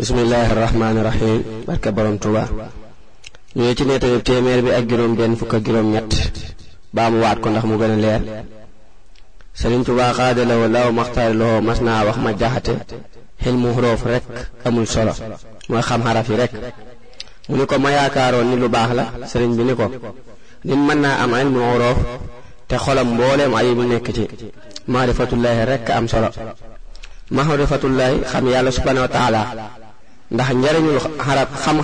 bismillaahi rahmaani rahiim barke borom Tuuba ñu ngi ci nettali téeméer bi ak juróom benn fukk ak juróom ñett baa mu waat ko ndax mu gën a leer Sëriñ Tuuba xaadalawo law maxtaari loo mas naa wax ma jaxate xel mu xuróof rek amul solo mooy xam xaraf yi rek mu ni ko ma yaakaaroon ni lu baax la sëriñ bi ni ko nit mën naa am ilmu xuróof te xolam mbooleem ayib nekk ci maarifatullaahi rek am solo maarifatullaahi xam yàlla subhaanahu wa taala ndax njariñul xarab xam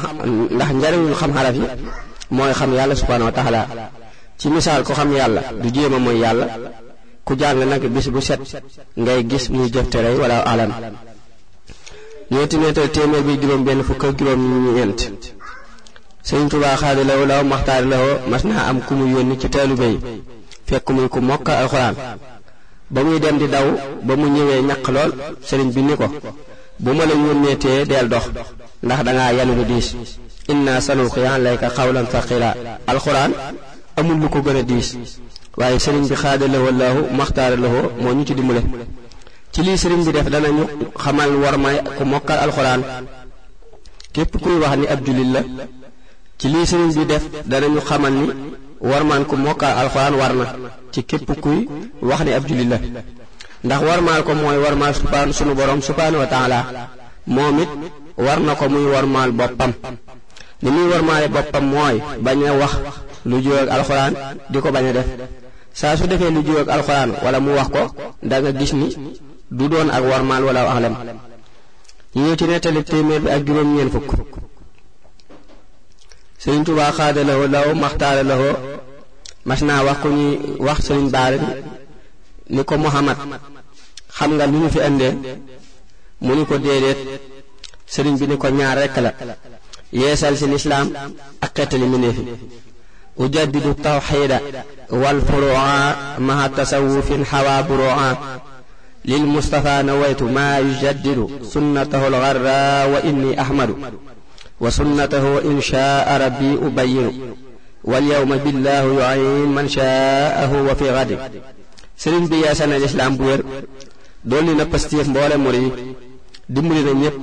ndax njariñul xam xaraf yi mooy xam yàlla subhanahu wa ci misaal ko xam yàlla du jéem a mooy yàlla ku jàng nag si bu set ngay gis muy jëf tere wala alam ñeenti neetal téeméer bi juróom benn fukk ak juróom ñeent sëñ Tuubaa xaadi law law maxtaari law mas naa am ku mu yónni ci taalibe yi fekk muy ku mokk alxuraan ba muy dem di daw ba mu ñëwee ñaq lool sëriñ bi ni ko bu ma la yónneetee deel dox ndax dangaa yanu lu diis inna sanuqi alayka qawlan thaqila alxuraan amul lu ko gën a diis waaye sëriñ bi xaadala wallahu maxtaara lahu moo ñu ci dimbale ci lii sëriñ bi def danañu xamal war may ku mokkal alxuraan képp kuy wax ni ab jullit la ci lii sëriñ bi def danañu xamal ni warmaan ku mokkal alxuraan war na ci képp kuy wax ni ab jullit la ndax warmaal ko mooy warmaal subhaan sunu borom subhaanahu wa moom it war na ko muy warmaal boppam ni muy warmaale boppam mooy bañ a wax lu juyoo ak alxuraan di ko bañ a def saa su defee lu juyoo ak alxuraan wala mu wax ko da gis ni du doon ak warmaal wala ñu ñëw ci nettali téeméer bi ak juróom-ñeent fukk sëriñ Tuubaa xaada lawo maxtaara lawo mas naa wax ku ñuy wax sëriñ baara ni ko Muhammad xam nga lu ñu fi indee mu ni ko déedéet bi ni ko ñaar rekk la yeesal si lislaam ak xeetali minéefi ujaddidu tawxida wal furu'a maha tasawufin xawa buru'a lil mustafa nawaytu maa yujaddidu sunnatahu lgarra wa inni ahmadu wa sunnatahu inshaa rabbi ubayinu walyawma billahu yuin man shaahu wa fi gadi sëriñ bi yeesal na lislaam bu wér dolli na pastéef mboole mur yi dimbali na ñépp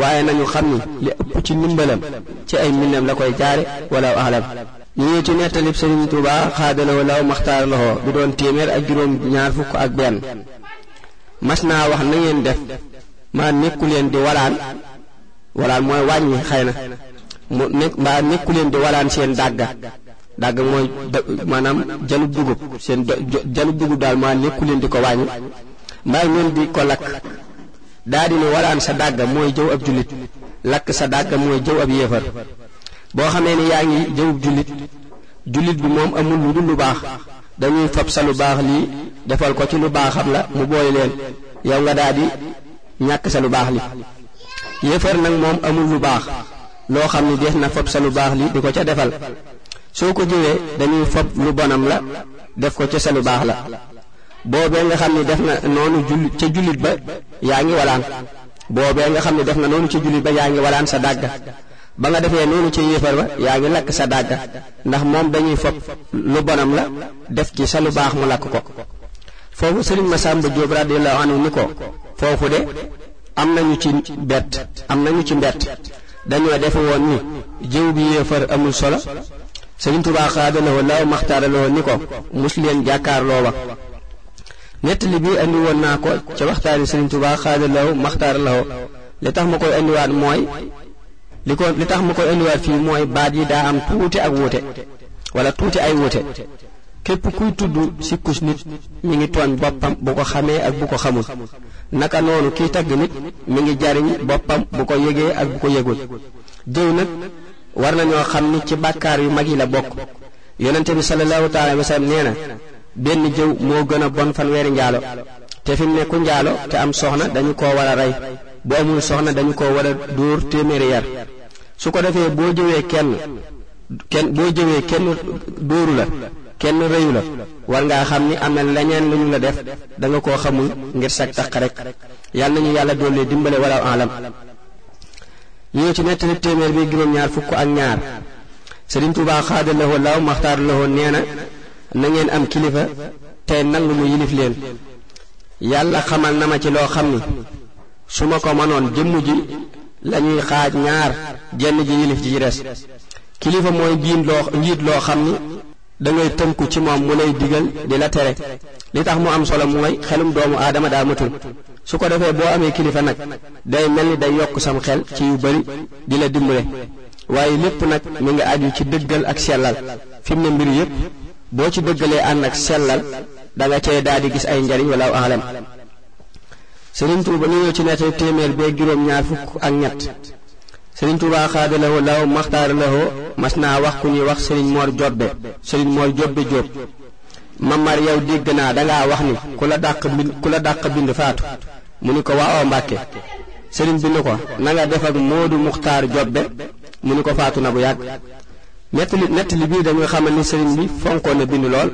waaye nañu xam ni li ëpp ci ndimbalam ci ay mbindam la koy jaare wala ahlam ñu ngi ci nettalib sëriñ Tuuba xaadalawo law maxtaar loxo bi doon téeméer ak juróom ñaar fukk ak benn mas naa wax na ngeen def maa nekku leen di walaan walaan mooy wàññi xëy na mu nekk mbaa nekku leen di walaan seen dàgga dagg mooy maanaam jalub dugub seen jalub dugub daal maa nekku leen di ko wàññi mbaa ngeen di ko lakk daa di ne walaan sa dàgg mooy jëw ab jullit lakk sa dàgg mooy jëw ab yéefar boo xamee ne yaa ngi jëwub jullit jullit bi moom amul lu dul lu baax dañuy fab sa lu baax lii defal ko ci lu baaxam la mu booy leen yow nga daa di ñàkk sa lu baax li yéefar nag moom amul lu baax loo xam ne dees na fab sa lu baax li di ko ca defal soo ko jëwee dañuy fob lu bonam la def ko ca sa lu baax la boobee nga xam ne def na noonu julli ca jullit ba yaa ngi walaan boobee nga xam ne def na noonu ca jullit ba yaa ngi walaan sa dàgga ba nga defee noonu ca yéefar ba yaa ngi lakk sa dàgga ndax moom dañuy fob lu bonam la def ci sa lu baax mu lakk ko foofu ma sëriñ Masamba Diop radiyallahu anhu ni ko foofu de am nañu ci bett am nañu ci mbett dañoo defe woon ni jëw bi yéefar amul solo sëriñ Tuubaa xaadalawoo law maxtaaralawoo ni ko mus leen jàkkaarloo ba nettali bi andi woon naa ko ca waxtaani sëriñ Tuubaa xaadalawoo maxtaaralawoo li tax ma koy andiwaat mooy li tax ma koy andiwaat fii mooy baat yi daa am tuuti ak wuute wala tuuti ay wuute képp kuy tudd sikkus nit mi ngi tooñ boppam bu ko xamee ak bu ko xamul naka noonu kii tagg nit mi ngi jariñ boppam bu ko yëgee ak bu ko yëgul jëw nag war nañoo xam ni ci bàkkaar yu mag yi la bokk yonente bi sallallahu taala wa sallam nee na benn jëw moo gën a bon fanweeri njaalo te fi mu ne ku njaalo te am soxna dañu koo war a rey bu amul soxna dañu ko war a dóor téeméeri yar su ko defee boo jëwee kenn kenn boo jëwee kenn dóoru la kenn rëyu la war ngaa xam ni am na leneen lu ñu la def da nga koo xamul ngir sag taq rek yàlla nañu yàlla doole dimbale wala alam ñëw ci nettali téeméer bi juróom-ñaar fukk ak ñaar Sëriñ Tuubaa xaada lahoo laaw maxtaar lahoo nee na na ngeen am kilifa tey nangu mu yilif leen yàlla xamal na ma ci loo xam ni su ma ko mënoon jëmm ji lañuy xaaj ñaar jenn ji yilif ji ci des kilifa mooy jiin loo njiit loo xam ni dangay tënku ci moom mu lay digal di la tere li tax mu am solo mooy xelum doomu aadama daa matul su ko defee boo amee kilifa nag day mel ni day yokk sam xel ci yu bari di la dimbale waaye lépp nag mi ngi aju ci dëggal ak sellal fi mu ne mbir yépp boo ci dëggalee ànd ak sellal da nga cee daal di gis ay njariñ wala alam Sëriñ Tuuba ñu ñëw ci nettali téeméer bee juróom-ñaar fukk ak ñett Sëriñ Tuuba xaadalawoo law maxtaaralawoo mas naa wax ku ñuy wax Sëriñ Moor Jobbe Sëriñ Moor Jobbe Jóob mamar yow dégg naa dangaa wax ni ku la dàq bind ku la dàq bind faatu mu ni ko waawoo mbàkke sëriñ bi ni ko na nga def ak moodu muxtaar jobbe mu ni ko faatu na bu yàgg nettali nettali bii dañuy xamal ni sëriñ bi fonkoon na bind lool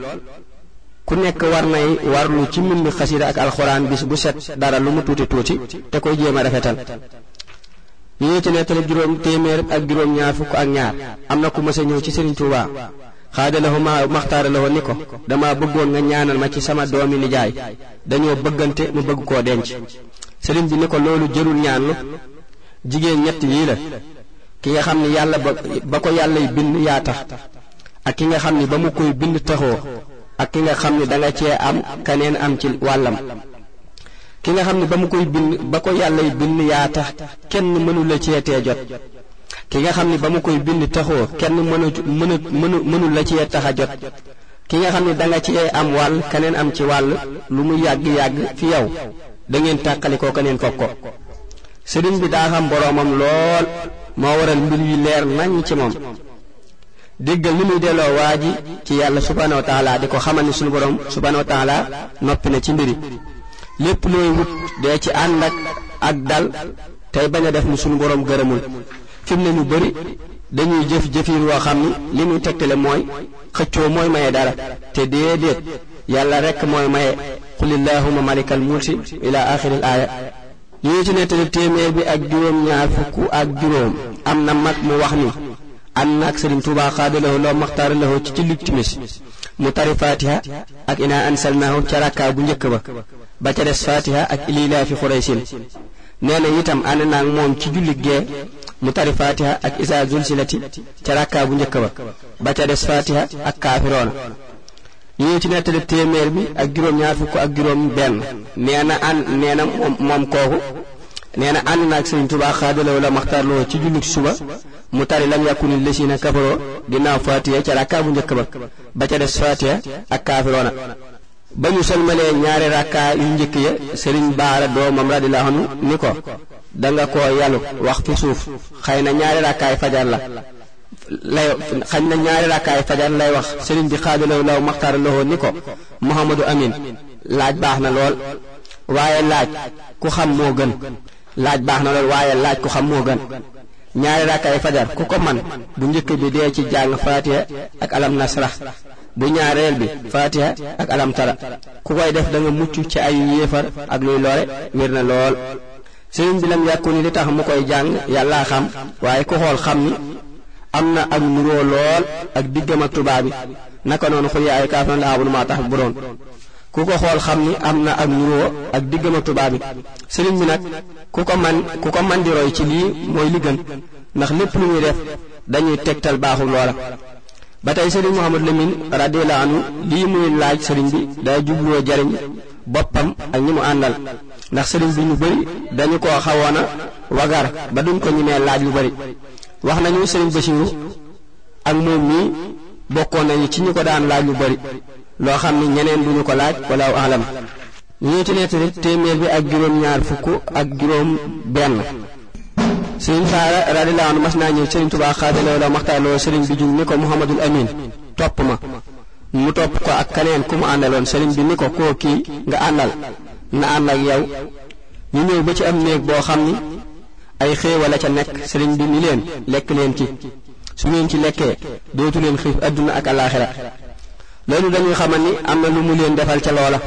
ku nekk war nay warlu ci mbind xasida ak alxuraan bis bu set dara lu mu tuuti tuuti te koy jéem a rafetal ñu ñëw ci nettali juróom téeméer ak juróom ñaar fukk ak ñaar am na ku mësa ñëw ci sëriñ Tuubaa xaadalahu ma maxtaara lahu ni ko dama bëggoon nga ñaanal ma ci sama doomi nijaay dañoo bëggante mu bëgg koo denc sëriñ bi ni ko loolu jërul ñaanlu jigéen ñett yii la ki nga xam ni yàlla ba ba ko yàlla bind yaa tax ak ki nga xam ni ba mu koy bind taxoo ak ki nga xam ni danga cee am kaneen am ci wàllam ki nga xam ni ba mu koy bind ba ko yàlla yi bind yaa tax kenn mënu la te jot ki nga xam ni ba mu koy bind taxoo kenn mënu mënu mënu mënul la ci tax a jot ki nga xam ni da nga ci am wàll keneen am ci wàll lu mu yàgg-yàgg fi yow da ngeen tàqali ko keneen ko ko sëriñ bi daa xam boroomam lool moo waral mbir yu leer nañ ci moom déggal ni muy delloo waa ji ci yàlla subhanahu wa taala di ko xamal ni suñu borom subhanahu wa taala noppi na ci mbiri lépp looy wut dee ci ànd ak ak dal tey bañ a def mu suñu borom gërëmul fi mu ne ñu bëri dañuy jëf jëfiin woo xam ni li muy tegtale mooy xëccoo mooy maye dara te déedéet yàlla rekk mooy maye qul illahuma malikal mulki ila axiril aaya li ñu ci nettali téeméer bi ak juróom ñaar fukk ak juróom am na mag mu wax ni ànd na ak sëriñ Tuubaa xaadalawoo la maxtaara lawoo ci ci luj timis mu tari fatiha ak ina ansalnaahu ca rakkaa bu njëkk ba ba ca des fatiha ak ililaa fi xuraysin nee na itam ànd naag moom ci julli gee mu tari fatiha ak isaa zulsilati ca rakkaa bu njëkk ba ba ca des fatiha ak kaafiroona ñu ñëw ci nettali téeméer bi ak juróom ñaar fukk ak juróom benn nee na an nee na moom kooku na ànd naag sëriñ Tuubaa a la maxtarloo ci jullit suba mu tari lam yàkkuni lësina kafaroo ginnaaw fatiha ca rakkaa bu njëkk ba ba ca des fatiha ak kaafiroona ba ñu sëlmalee ñaari rakkaa yu njëkk ya sëriñ baara doomam radiyallaahu anhu ni ko danga ko yanu waxtu suuf xëy na ñaari rakkaay fajar la lay xañ na ñaari rakkaay fajar lay wax sëriñ bi xaadalaw law maxtaar loxo ni ko Muhammadu Amin laaj baax na lool waaye laaj ku xam moo gën laaj baax na lool waaye laaj ku xam moo gën ñaari rakkaay fajar ku ko man bu njëkk bi dee ci jàng faatiha ak alam nasrax bu ñaareel bi faatiha ak alam tara ku koy def da nga mucc ci ayu yéefar ak luy lore wér na lool sëriñ bi lam yàkku ni li tax mu koy jàng yàllaa xam waaye ku xool xam ni am na ak nuroo lool ak diggam ak tubaab bi naka noonu xul yaa ay kaafiruun laa a'budu maa ta'buduun ku ko xool xam ni am na ak nuroo ak diggam ak tubaab bi sëriñ bi nag ku ko man ku ko man di roy ci lii mooy li gën ndax lépp lu ñuy def dañuy tegtal baaxul loola ba tey sëriñ Mouhamadou Lamine radiyallahu anhu lii muy laaj sëriñ bi day jubloo jariñ boppam ak ñi mu àndal ndax sëriñ bi ñu bëri dañu ko xawoon a wagar ba duñ ko ñimee laaj lu bëri wax nañu sëriñ Basiru ak moom mii bokkoon nañu ci ñu ko daan laaj lu bëri loo xam ni ñeneen duñu ko laaj walaaw alam ñu ci nettali téeméer bi ak juróom ñaar fukk ak juróom benn sëriñ Faara radiyallahu anhu mas naa ñëw sëriñ Tuubaa xaadaloo la maxtaaloo sëriñ bi jug ni ko Muhammadul Amin topp ma mu topp ko ak kaneen ku mu àndaloon sëriñ bi ni ko koo kii nga àndal na ànd ak yow ñu ñëw ba ci am néeg boo xam ni ay xéewal a ca nekk sëriñ bi ni leen lekk leen ci su ngeen ci lekkee dootu leen xiif adduna ak alaxira loolu dañuy xamal ni am na lu mu leen defal ca loola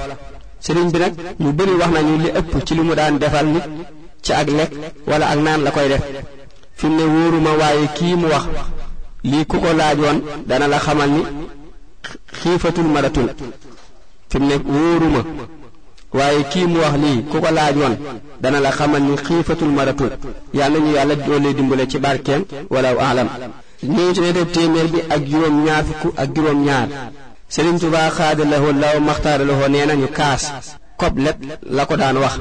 sëriñ bi nag ñu bëri wax nañu li ëpp ci li mu daan defal nit ci ak lekk wala ak naan la koy def fi mu ne wóoruma waaye kii mu wax lii ku ko laajoon dana la xamal ni xiifatul maratul fi mu ne wóoruma waaye kii mu wax lii ku ko laajoon dana la xamal ni xiifatul maratu yàlla ñu yàlla doole dimbale ci barkeem walaw aalam ñu ci neteb téeméer bi ak juróom ñaar fukk ak juróom ñaar Sëriñ Tuubaa xaada lahoo law maxtaara lahoo nee nañu kaas koblet la ko daan wax